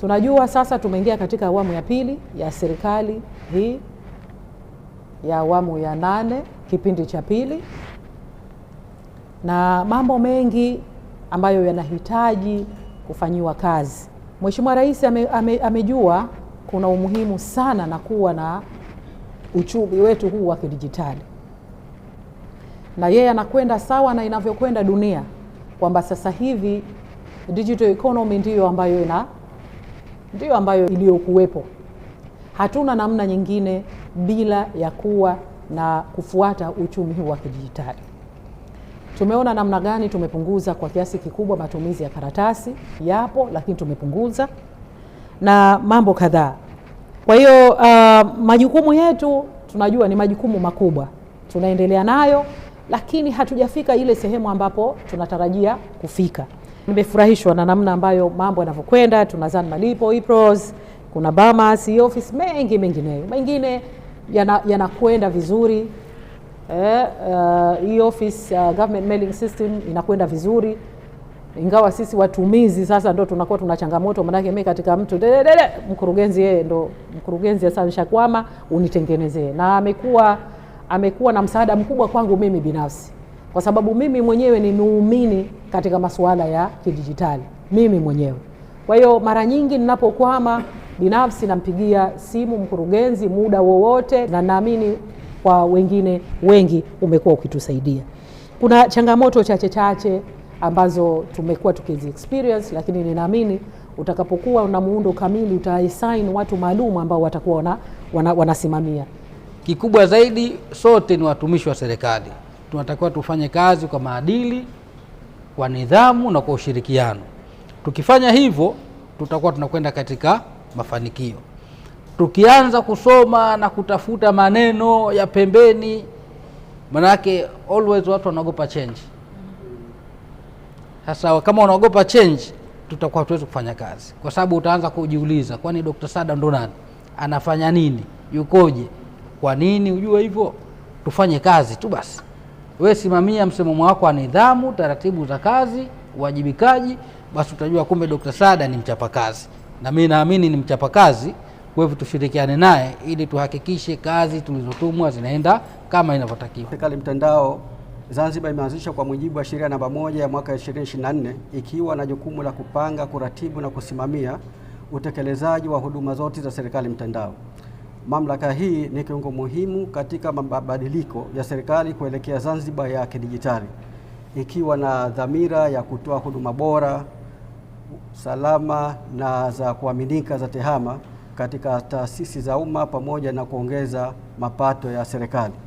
Tunajua sasa tumeingia katika awamu ya pili ya serikali hii ya awamu ya nane, kipindi cha pili, na mambo mengi ambayo yanahitaji kufanyiwa kazi. Mheshimiwa Rais ame, ame, amejua kuna umuhimu sana na kuwa na uchumi wetu huu wa kidijitali, na yeye anakwenda sawa na inavyokwenda dunia kwamba sasa hivi digital economy ndiyo ambayo ina ndiyo ambayo iliyokuwepo. Hatuna namna nyingine bila ya kuwa na kufuata uchumi huu wa kidijitali. Tumeona namna gani tumepunguza kwa kiasi kikubwa matumizi ya karatasi, yapo lakini tumepunguza na mambo kadhaa. Kwa hiyo uh, majukumu yetu tunajua ni majukumu makubwa, tunaendelea nayo, lakini hatujafika ile sehemu ambapo tunatarajia kufika nimefurahishwa na namna ambayo mambo yanavyokwenda. Tunazani malipo IPROS, kuna Bamas, office mengi mengineyo, mengine yanakwenda yana vizuri eh, uh, hii office uh, government mailing system inakwenda vizuri, ingawa sisi watumizi sasa ndo tunakuwa tuna changamoto. Maanake mimi katika mtu dededede, mkurugenzi yeye ndo mkurugenzi sasa, nishakwama unitengenezee, na amekuwa amekuwa na msaada mkubwa kwangu mimi binafsi kwa sababu mimi mwenyewe ni muumini katika masuala ya kidijitali mimi mwenyewe. Kwa hiyo mara nyingi ninapokwama binafsi nampigia simu mkurugenzi muda wowote, na naamini kwa wengine wengi umekuwa ukitusaidia. Kuna changamoto chache chache ambazo tumekuwa tukizi experience, lakini ninaamini utakapokuwa na muundo kamili utaassign watu maalum ambao watakuwa wana, wana, wanasimamia. Kikubwa zaidi sote ni watumishi wa serikali tunatakiwa tufanye kazi kwa maadili, kwa nidhamu na kwa ushirikiano. Tukifanya hivyo, tutakuwa tunakwenda katika mafanikio. Tukianza kusoma na kutafuta maneno ya pembeni, manake always watu wanaogopa change. Sasa kama wanaogopa change, tutakuwa tuwezi kufanya kazi, kwa sababu utaanza kujiuliza, kwani Dr. Sada ndo nani? Anafanya nini? Yukoje? Kwa nini? Hujua hivyo, tufanye kazi tu basi we simamia msimamo wako wa nidhamu, taratibu za kazi, uwajibikaji, basi utajua kumbe Dr. Saada ni mchapakazi, na mimi naamini ni mchapakazi. Kwa hivyo tushirikiane naye ili tuhakikishe kazi tulizotumwa zinaenda kama inavyotakiwa. Serikali mtandao Zanzibar imeanzishwa kwa mujibu wa sheria namba moja ya mwaka 2024 ikiwa na jukumu la kupanga, kuratibu na kusimamia utekelezaji wa huduma zote za serikali mtandao. Mamlaka hii ni kiungo muhimu katika mabadiliko ya serikali kuelekea Zanzibar ya kidijitali, ikiwa na dhamira ya kutoa huduma bora, salama na za kuaminika za TEHAMA katika taasisi za umma pamoja na kuongeza mapato ya serikali.